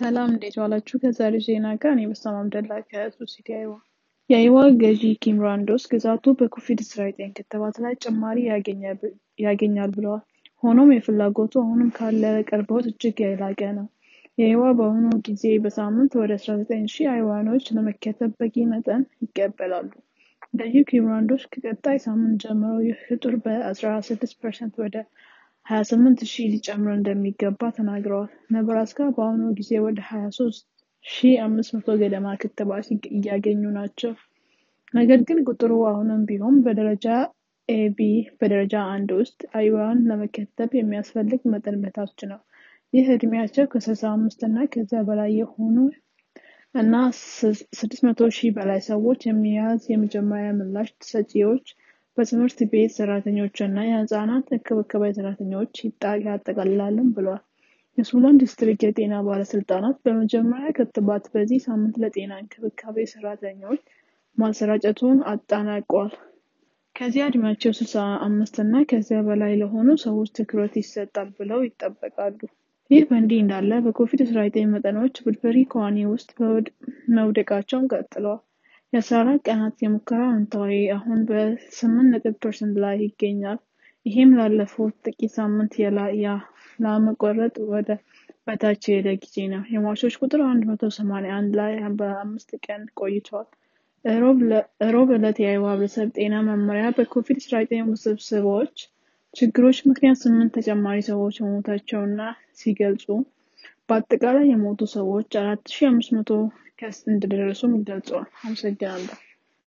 ሰላም እንዴት ዋላችሁ? ከዛሬ ዜና ጋር እኔ በሳም አምደላ ከሱሲዲ አይዋ። የአይዋ ገዢ ኪም ራንዶስ ግዛቱ በኮቪድ-19 ክትባት ላይ ጭማሪ ያገኛል ብለዋል። ሆኖም የፍላጎቱ አሁንም ካለ ቅርቦት እጅግ የላቀ ነው። የአይዋ በአሁኑ ጊዜ በሳምንት ወደ 19 ሺህ አይዋኖች ለመከተብ በቂ መጠን ይቀበላሉ። ገዢ ኪም ራንዶስ ከቀጣይ ሳምንት ጀምሮ ይህ ቁጥር በ16 ፐርሰንት ወደ ሀያ ስምንት ሺህ ሊጨምር እንደሚገባ ተናግረዋል። ነብራስካ በአሁኑ ጊዜ ወደ ሀያ ሶስት ሺህ አምስት መቶ ገደማ ክትባት እያገኙ ናቸው። ነገር ግን ቁጥሩ አሁንም ቢሆን በደረጃ ኤቢ በደረጃ አንድ ውስጥ አይዋን ለመከተብ የሚያስፈልግ መጠን በታች ነው። ይህ እድሜያቸው ከስልሳ አምስት እና ከዚያ በላይ የሆኑ እና ስድስት መቶ ሺህ በላይ ሰዎች የሚያዝ የመጀመሪያ ምላሽ ሰጪዎች በትምህርት ቤት ሰራተኞችና የህፃናት እንክብካቤ ሰራተኞች ያጠቃልላልም ብሏል። የሱዳን ዲስትሪክት የጤና ባለስልጣናት በመጀመሪያ ክትባት በዚህ ሳምንት ለጤና እንክብካቤ ሰራተኞች ማሰራጨቱን አጠናቋል። ከዚያ እድሜያቸው ስልሳ አምስት እና ከዚያ በላይ ለሆኑ ሰዎች ትኩረት ይሰጣል ብለው ይጠበቃሉ። ይህ በእንዲህ እንዳለ በኮቪድ-19 መጠኖች ብድበሪ ከዋኔ ውስጥ መውደቃቸውን ቀጥለዋል። የአስራ አራት ቀናት የሙከራ አዎንታዊ አሁን በስምንት ነጥብ ፐርሰንት ላይ ይገኛል። ይህም ላለፉት ጥቂት ሳምንት ያለመቆረጥ ወደ በታች የሄደ ጊዜ ነው። የሟቾች ቁጥር 181 ላይ በአምስት ቀን ቆይቷል። ሮብ ዕለት የአይዋ ህብረተሰብ ጤና መመሪያ በኮቪድ-19 ውስብስቦች ችግሮች ምክንያት ስምንት ተጨማሪ ሰዎች መሞታቸውና ሲገልጹ በአጠቃላይ የሞቱ ሰዎች አራት ሺ አምስት መቶ ከስ እንደደረሱም ገልጸዋል። አመሰግናለሁ